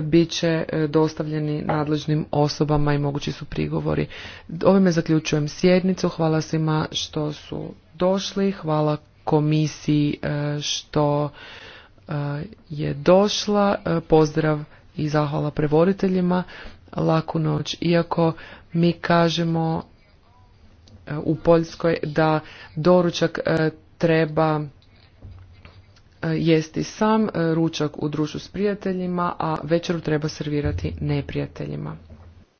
bit će e, dostavljeni nadležnim osobama i mogući su prigovori. Ovime zaključujem sjednicu. Hvala svima što su došli. Hvala komisiji e, što e, je došla. Pozdrav i zahvala prevoditeljima. Laku noć. Iako mi kažemo u Poljskoj da doručak treba jesti sam, e, ručak u društvu s prijateljima, a večeru treba servirati neprijateljima.